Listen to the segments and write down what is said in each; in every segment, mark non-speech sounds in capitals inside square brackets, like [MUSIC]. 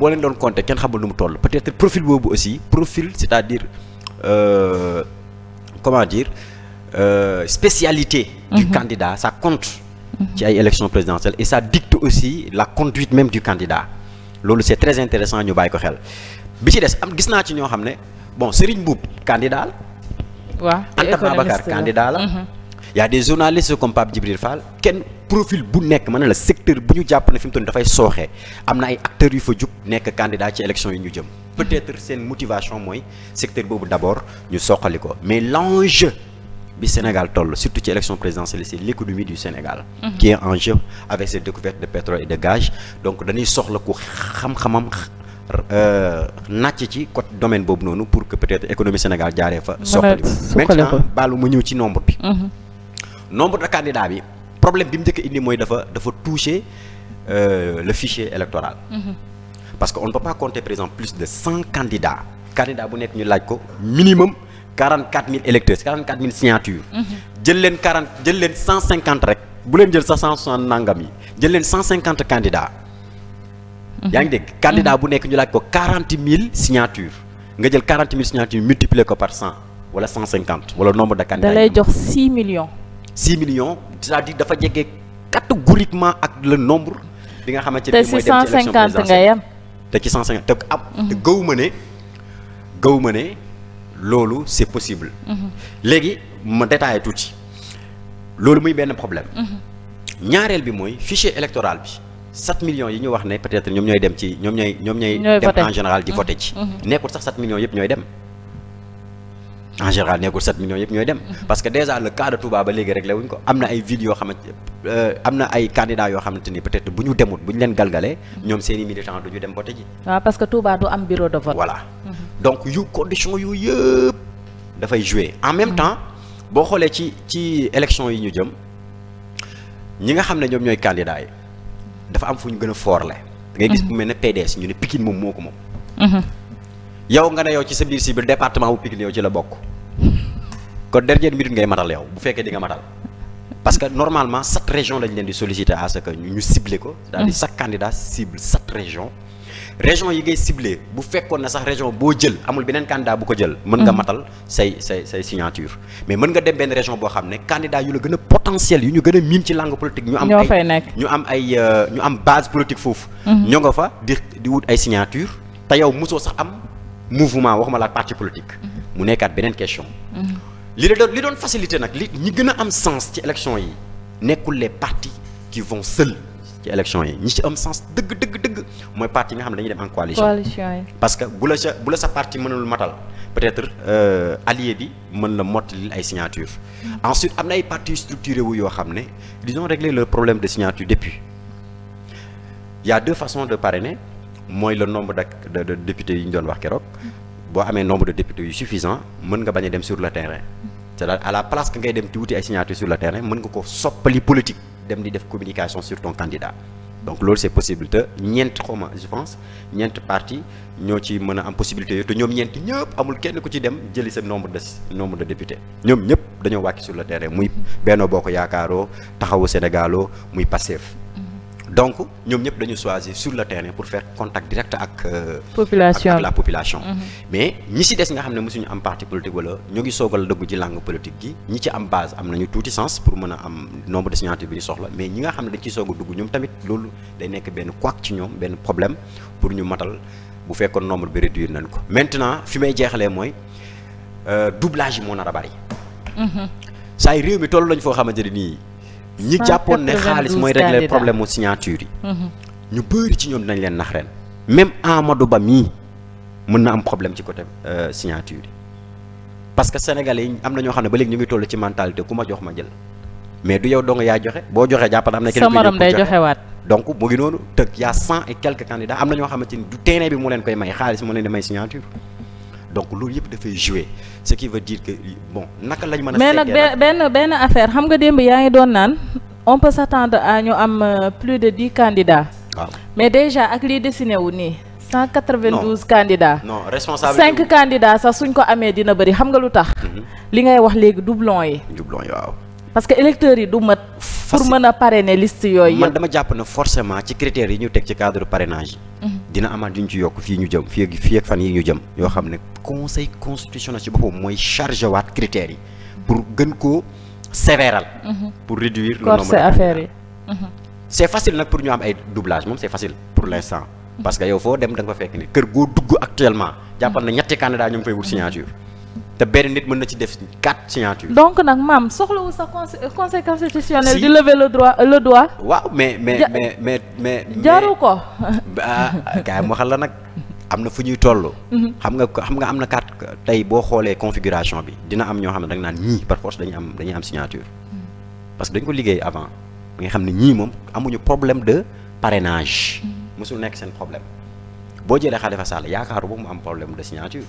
boo leen doon compter kenn xamul nu mu toll peut-être profil boobu aussi profil c'est-à-dire euh, comment dire euh, spécialité. du mmh. candidat ça mhm. ci ay élections présidentielles et ça dicte aussi la conduite même du candidat loolu c'est très intéressant ñu bàyyi ko xel bi ci des am gis naa ci ñoo xam ne bon Serigne Mboup candidat la. waaw Anta la. Mhm. y a des comme Pape Djibril Fall kenn. profil bu nekk ma ne la secteur bu ñu jàpp ne fi mu toll dafay sooxee am na ay acteurs yu fa jub nekk candidat ci élection yi ñu jëm peut-être seen motivation mooy secteur boobu d'abord ñu soqali ko mais l'enjeu bi Sénégal toll surtout ci élection présidentielle c'est l'économie du Sénégal mmh. qui est en jeu avec ses découvertes de pétrole et de gaz donc dañuy soxla ku xam-xamam euh, nàcc ci côté domaine boobu noonu pour que peut-être économie Sénégal jaaree fa soqali maintenant baalu ma ñëw ci nombre bi mhm. nombre de candidats bi problème bi mu njëkk indi mooy dafa dafa toucher euh, le fichier électoral. Mhm. parce que on ne peut pas compter par exemple plus de cent candidats. candidat bu nekk ñu laaj ko minimum quarante quatre mille électeurs quarante quatre mille signatures. Mhm. jël leen quarante jël cent cinquante rek bu leen jël sa cent soixante nangam yi jël leen cent cinquante candidats. Mhm. yaa ngi dégg candidat bu nekk ñu laaj ko quarante mille signatures nga jël quarante mille signatures multiplier ko par cent wala cent cinquante wala nombre de candidats. da lay jox six millions. six millions cest di dire dafa jege catégoriquement ak le nombre bi nga xamante ne mooy ci élection présidentielle te ci cent cinquante te ab te mhm. ma ne gëw ma ne loolu c'est possible mhm. léegi ma détaillé tuuti loolu muy benn problème mhm. ñaareel bi mooy fichier électoral bi sept millions yi ñu wax ne peut-être ñoom ñooy dem ci ñoom ñooy ñoom ñooy dem en général di voté ci nekkul sax sept millions yëpp ñooy dem en général nekkul 7 millions yëpp ñooy dem mhm. parce que déjà le cas de Touba léegi réglé wuñ ko am na ay villes yoo xamante euh, am na ay candidats yoo xamante ni peut-être bu ñu demut bu ñu leen galgalee mhm. ñoom seen i militants du ñu dem vote ji. waaw parce que Touba du am bureau de vote. Mhm. donc yu condition yooyu yëpp dafay jouer en même temps boo xoolee ci ci élection yi ñu jëm ñi nga xam ne ñoom ñooy candidats yi dafa am fu ñu gën a foorle. da ngay gis bu mel ne ñu ne Pikine moom moo ko moom. yow ci sa biir cible kon dernière minute ngay matal yow bu fekkee di nga matal parce que normalement sept régions lañ leen di solliciter à ce que ñu ciblé ko c'est-à-dire mm. chaque candidat cible sept régions région yi ngay ciblé bu fekkoon na sax région boo jël amul beneen candidat bu ko jël. mën nga mm. matal say say say signature. mais mën nga dem benn région boo xam ne candidat yu la gën a potentiel yu ñu gën a miin ci langue politique. ñu am ay euh, ñu am base politique foofu. Mm-hmm. ñoo nga fa d di wut ay signature te yow mosoo sax am mouvement waxuma la parti mu nekkaat beneen question. li la doon li doon facilité nag li ñi gën a am sens ci élection yi nekkul les partis qui vont seuls ci élection yi ñu ci am sens dëgg dëgg dëgg mooy parti yi nga xam ne dañu dem en coalition. yi parce que bu la sa bu parti mënul matal peut-être euh, allié bi mën la mottali ay signature ensuite am na ay partis structurés wu yoo xam ne ils ont réglé problème de signature depuis il y a deux façons de parrainer mooy le nombre de de députés yi ñu doon wax keroog. boo amee nombre de députés yu suffisant mën nga bañ dem sur le terrain cest à à la place que ngay dem di wuti ay signature sur le terrain mën nga ko soppali politique dem di def communication sur ton candidat donc loolu c'est possibilité ñeent xawma je pense ñeent parti ñoo ci mën a am possibilité yooyu te ñoom ñeenti ñëpp amul kenn ku ci dem jëli sa nombre de nombre de député ñoom ñëpp dañoo wàcc sur le terrain muy Benno Bokk Yaakaaroo Taxawu Sénégaloo muy Pastef donc ñoom ñëpp dañu choisir sur le terrain pour faire contact direct ak. Euh, population ak population. Mhm. mais ñi si des nga xam ne mosuñu am parti politique wala ñu ngi soogal dëggu ci langue politique gi ñi ci am base am nañu tuuti sens pour mën a am nombre de signatures bi ñu soxla mais ñi nga xam ne dañ ciy soog a dugg ñoom tamit loolu day nekk benn couac ci ñoom benn problème pour ñu matal bu fekkoon nombre bi réduire nañ ko. maintenant fi may jeexalee mooy euh, doublage yi moo nar a bari. Mhm. saa yu réew lañ foo xamante ne nii. ñi jàppoon ne xaalis mooy régler problème signature yi. Mhm. ñu bëri ci ñoom dinañ leen nax ren. même Amadou Ba mii mën na am problème ci côté euh, signature yi parce que sénégalais yi am na ñoo xam ne ba léegi ñu ngi toll ci mentalité ku ma jox ma jël. mais du yow dong yaa joxe boo joxee jàpp am na kenn ku morom day a cent et quelques candidats am na ñoo du terrain bi mu leen koy may xaalis mu leen di may signature. donc loolu yëpp dafay jouer ce qui veut dire que bon naka lañ mën a. mais nag benn benn affaire xam nga démb yaa ngi doon naan on peut s'attendre à ñu am euh, plus de dix candidats. Ah. mais déjà ak liy dessiné wu nii. 192 candidats non responsable cinq candidats sax suñ ko amee dina bëri xam nga lu tax. Mhm. li ngay wax léegi doublon yi. doublon yi waaw. parce que yi du mat. pour mën a parrainer list yooyu man dama jàpp na forcément ci critère yi ñu teg ci cadre parrainage mhm. dina amaat yu ñu ci yokk fii ñu jëm fii ak fii ak fan yi ñu jëm yoo xam ne conseil constitutionnel ci boppam mooy chargé waat critères yi pour gën ko sévéral mhm. pour réduire le nombre affaires yi c' mhm. est facile nag pour ñu am ay doublage moom c' est facile pour l' parce que yow foo dem da nga fa fekk ni kër goo dugg actuellement jàppal na ñetti candidat ñu ngi fay wut signature te benn nit mën na ci def quatre signatures donc nag maam soxlawu sa euh, conseil constitutionnel. di lever le droit euh, le doigt. waaw mais mais mais mais mais. jaru ko. ah [LAUGHS] gars yi waxal la nag am na fu ñuy toll. Mhm. xam nga xam nga am na quatre tey boo xoolee configuration bi dina am ñoo xam ne da nga naan ñii par force dañu am dañuy am signature. Mhm. parce que dañ ko liggéey avant nga xam ne ñii moom amuñu problème de parrainage. mosul mhm. nekk seen problème boo jëlee Khalifa Sall yaakaaru ba mu am problème de signature.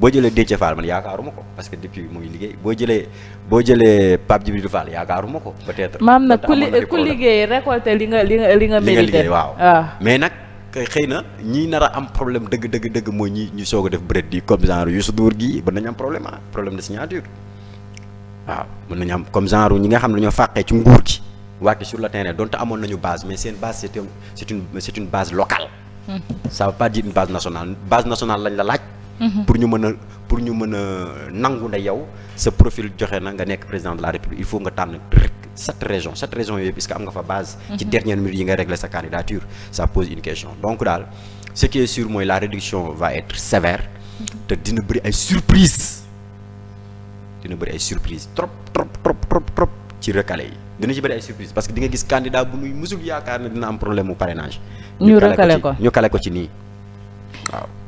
boo jëlee Déthié Fall man yaakaaruma ko parce que depuis mu ngi liggéey boo jëlee boo jëlee Pape Djibril Fall yaakaaruma ko peut être. maam nag ku li ku liggéey récolté li nga li nga li waaw ah. mais nag. xëy na ñi nar a am problème dëgg dëgg dëgg mooy ñi ñu soog def bërët di comme genre Youssou Ndour gi mën nañu am problème ah problème de signature waaw mën nañu am comme genre ñi nga xam ne dañoo fàqee ci nguur gi wàcc sur le terrain donte amoon nañu base mais seen base c'est une c'est une c'est une base hmm. la laaj Mm-hmm. pour ñu mën a pour ñu mën a nangu ne yow sa profil joxe na nga nekk président de la république il faut nga tànn rek sept régions sept régions yooyu puisque am nga fa base. ci mm-hmm. dernière minute yi nga régler sa candidature ça pose une question donc daal ce qui est sûr mooy la réduction va être sévère. Mm-hmm. te dina bëri ay surprise dina bëri ay surprise trop trop trop trop trop ci recalé yi. dina ci bëri ay surprise parce que di nga gis candidat bu nuy musul yaakaar ne dina am problème mu parrainage. ñu recalé ko ñu kale ko ci nii waaw.